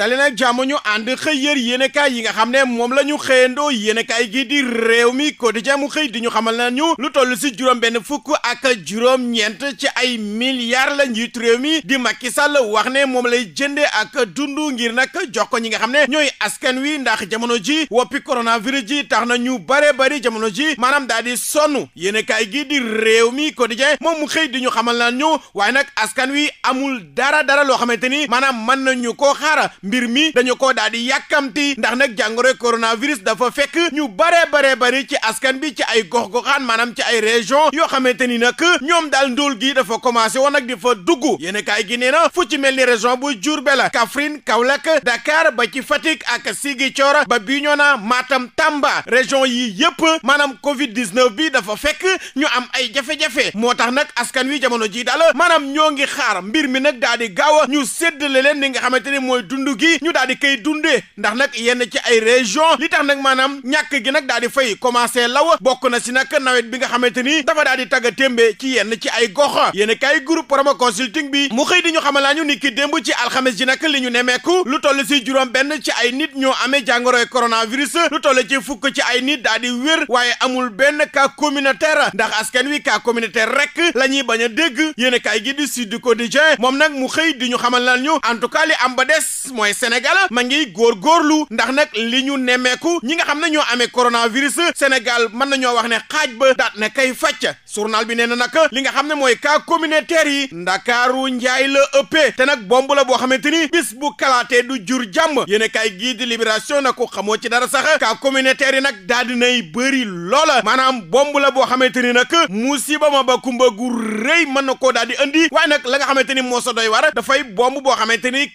dali nag jàmm ñu ànd xëy yër yéenekaay yi nga xam ne moom la ñu xëyandoo yéenekaay gi di réew mi ko quotidien mu xëy di ñu xamal nañu lu toll si juróom benn fukk ak juróom-ñeent ci ay milliards la njiit réew mi di Macky Sall wax ne moom lay jëndee ak dund ngir nag jox ko ñi nga xam ne ñooy askan wi ndax jamono ji woppi coronavirus ji tax na ñu bare bari jamono ji maanaam daal di sonn yéenekaay gi di réew mi quotidien moom mu xëy di ñu xamal nañu waaye nag askan wi amul dara dara loo xamante ni maanaam mën nañu koo xaar mbir mi dañu ko daal di yàkkamti ndax nag jàngoro coronavirus dafa fekk ñu baree baree bari ci askan bi ci ay gox-goxaan maanaam ci ay région yoo xamante ni nag ñoom daal ndóol gi dafa commencé woon nag di fa dugg yéen kaay gi nee na fu ci mel ni région bu Diourbel Kaffrine Kaolack Dakar ba ci Fatick ak Ziguinchor ba bii ñoo Bignona maatam Tamba région yi yëpp maanaam Covid bii dafa fekk ñu am ay jafe-jafe moo tax nag askan wi jamono ji daal maanaam ñoo ngi xaar mbir mi nag daal di ñu séddale leen li nga xamante ni mooy dund gi ñu daal di koy dundee ndax nag yenn ci ay région li tax nag maanaam ñàkk gi nag daal di fay commencé law bokk na si nag nawet bi nga xamante ni dafa daal di tagga témbe ci yenn ci ay gox yéen kay groupe promo consulting bi mu xëy di ñu xamalaa ñu ni ki démb ci alxames ji nag li ñu nemeeku lu toll si juróom benn ci ay nit ñoo amee jàngoroy coronavirus lu toll ci fukk ci ay nit daal di wér waaye amul benn ka communautaire ndax askan wi ka communautaire rek la ñuy bañ a dégg yéen kay gi di Sud Quotidien moom nag mu xëy di ñu xamal nañu en tout cas li am ba des mooy Sénégal ma ngi góor góorgóorlu ndax nag li ñu nemmeeku ñi nga xam na ñoo amee coronavirus Sénégal mën ñoo wax ne xaaj ba daat na kay fàcc journal bi ne na nag li nga xam ne mooy cas communautaire yi ndakaaru njaay la ëppee te nag bomb la boo xamante ni bis bu kalaatee du jur jàmm yéen a kaay gii di libération na ko xamoo ci dara sax cas communautaire yi nag daal dinay bëri loola maanaam bomb la boo xamante ni nag musiba ma ba kumba gu rëy mën na ko daal di andi waaye nag la nga xamante ni moo sa doy war dafay boo xamante ni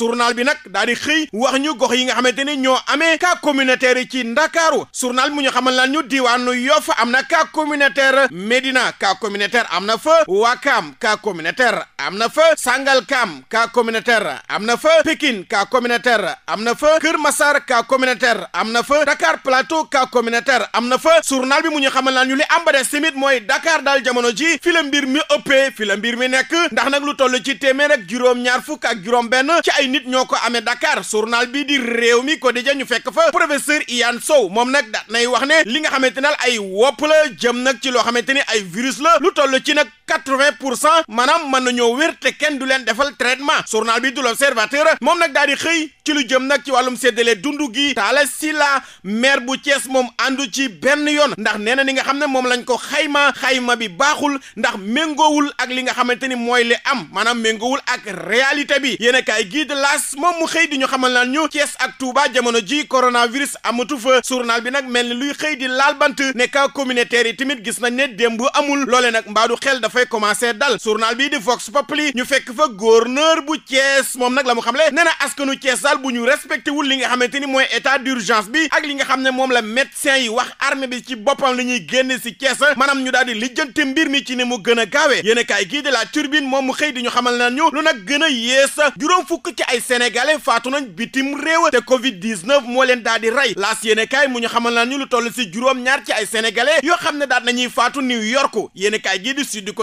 journal bi nag daal di xëy wax ñu gox yi xamante ni ñoo amee cas communautaire ci ndakaaru journal mu ñu xamal lan ñu diwaanu Yoff am na ka communautaire Médina ka communautaire am na fa Wakaam cas communautaire am na fa Sangalkam cas communautaire am na fa Pikine cas communautaire am na fa Kër Massar cas communautaire am na fa Dakar Plateau cas communautaire am na fa journal bi mu ñu xamal lan ñu li am ba des tamit mooy Dakar daal jamono ji fi mbir mi ëppee fi mbir mi nekk ndax nag lu toll ci téeméer ak juróom-ñaar ak juróom-benn ci ay nit ñoo ko amee Dakar journal bii di réew mi quotidien ñu fekk fa professeur Iyane Sow moom nag da nay wax ne li nga xamante ne ay wopp la jëm nag ci loo xamante ni ay virus la lu toll ci nag quatre-vingt pour cent maanaam mën nañoo wér te kenn du leen defal traitement journal bi du l'Observateur moom nag daal di xëy ci lu jëm nag ci wàllum séddale dund gi Talla Sylla maire bu Thiès moom àndu ci benn yoon ndax nee na ni nga xam ne moom lañ ko xayma xayma bi baaxul ndax méngoowul ak li nga xamante ni mooy li am maanaam méngoowul ak réalité bi yéen kaay gii de moom mu xëy di ñu xamal naan ñu Thiès ak Touba jamono ji coronavirus amatu fa journal bi nag mel ni luy xëy di laal bant ne cas communautaire yi tamit gis nañ ne démb amul loole nag mbaadu xel dafa fay commencé dal journal bii di Vox Populi ñu fekk fa gouverneur bu Thiès moom nag la mu xamle nee na askanu Thiès daal bu ñu respecté li nga xamante ni mooy état d'urgence bi ak li nga xam ne moom la médecin yi wax armée bi ci boppam la ñuy génn si Thiès maanaam ñu daal di lijjanti mbir mi ci ne mu gën a gaawee yéen a kaay gii de la turbine moom mu xëy di ñu xamal nañu lu nag gën a yéesa juróom fukk ci ay sénégalais faatu nañ bitim réew te Covid 19 moo leen daal di rey laas yéen a kaay mu ñu xamal nañu lu toll si juróom ñaar ci ay sénégalais yoo xam ne daal nañuy faatu New York yéen a kaay gii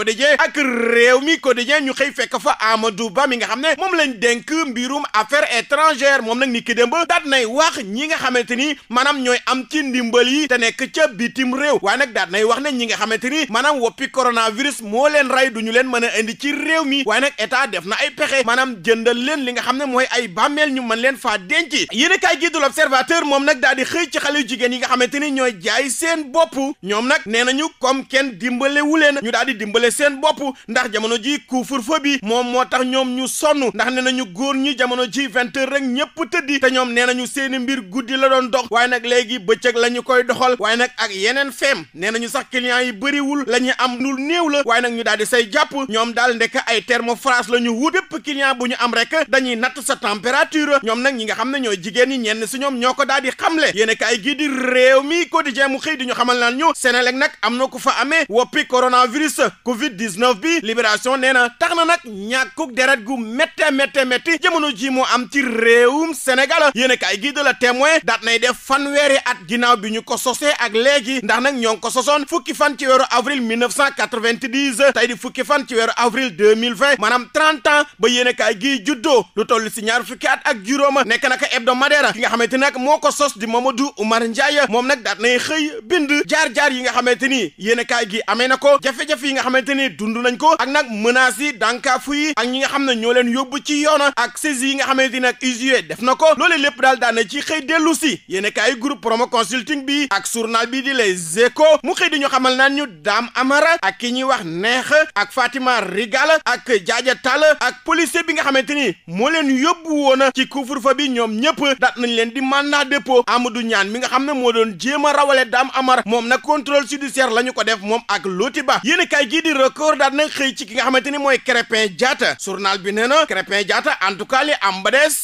quotidien ak réew mi quotidien ñu xëy fekk fa Amadou Ba mi nga xam ne moom lañ dénk mbirum affaires étrangères moom nag ni ki démb daat nay wax ñi nga xamante ni maanaam ñooy am ci ndimbal yi te nekk ca bitim réew waaye nag daat nay wax ne ñi nga xamante ni maanaam woppi coronavirus moo leen rey du leen mën a indi ci réew mi waaye nag état def na ay pexe maanaam jëndal leen li nga xam ne mooy ay bàmmeel ñu mën leen faa denc yéen a kaay gi du moom nag daal di xëy ci xale yu jigéen yi nga xamante ni ñooy jaay seen bopp ñoom nag nee nañu comme kenn dimbalewu leen ñu daal di dimbale seen bopp ndax jamono ji couvre-feu bi moom moo tax ñoom ñu sonn ndax nee nañu góor ñi jamono ji vingt rek ñëpp tëddi te ñoom nee ñu seeni mbir guddi la doon dox waaye nag léegi bëccëg la ñu koy doxal waaye nag ak yeneen feem nee nañu sax clients yi bëriwul la ñu am lu néew la waaye nag ñu daal di say jàpp ñoom daal ndekk ay thermofrance la ñu wut bépp client bu ñu am rek dañuy natt sa température ñoom nag ñi nga xam ne ñooy jigéen ñi ñenn si ñoom ñoo ko daal di xamle yéen kay gii di réew mi quotidien mu xëy di ñu xamal naan ñu Sénélec nag am na ku fa amee woppi coronavirus covid 19 bi libération nee na tax na nag ñàkkuk deret gu métte métte métti jamono ji mu am ci réewum Sénégal yéen a kaay gii de la témoin daat nay def at ginnaaw bi ñu ko sosee ak léegi ndax nag ñoo ngi ko sosoon fukki fan ci weeru avril 1990 tey di fukki fan ci weeru avril 2020 maanaam ba yéen a kaay gii juddoo lu toll si ñaar fukki at ak juróoma nekk naka hebdomadaire ki nga xamante nag moo ko sos di Mamadou Oumar Ndiaye moom a na ne dund nañ ko ak nag menaces yi dànkaafu yi ak ñi nga xam ne ñoo leen yóbbu ci yoona ak saisi yi nga xamante ni nag usue def na ko loolee lépp daal daana ci xëy dellu si yéene kaay groupe promo consulting bi ak journal bi di Les Échos mu xëy di ñu xamal naan ñu Dame Amara ak ki ñuy wax neex ak Fatima Rigal ak Jaaja Tall ak policier bi nga xamante ni moo leen yóbbu woona ci couvre-feu bi ñoom ñëpp daat nañ leen di man mandat dépôt Amadou ñaan mi nga xam ne moo doon jéem a rawale Dame moom nag contrôle judiciaire la ñu ko def moom record daal nañ xëy ci ki nga xamante ni mooy Krépin jaata journal bi nee na Krépin Diatta en tout cas li am ba des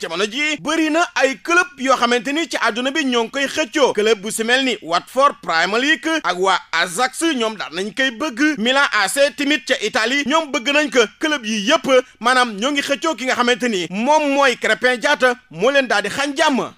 jamono ji bëri na ay club yoo xamante ni ci àdduna bi ñoo ngi koy xëccoo club bu si ni Watford Premier League ak waa Ajax ñoom daal nañ koy bëgg Milan AC timit ca Italie ñoom bëgg nañ ko club yi yëpp maanaam ñoo ngi xëccoo ki nga xamante ni moom mooy Krépin jaata moo leen daal di xañ jàmm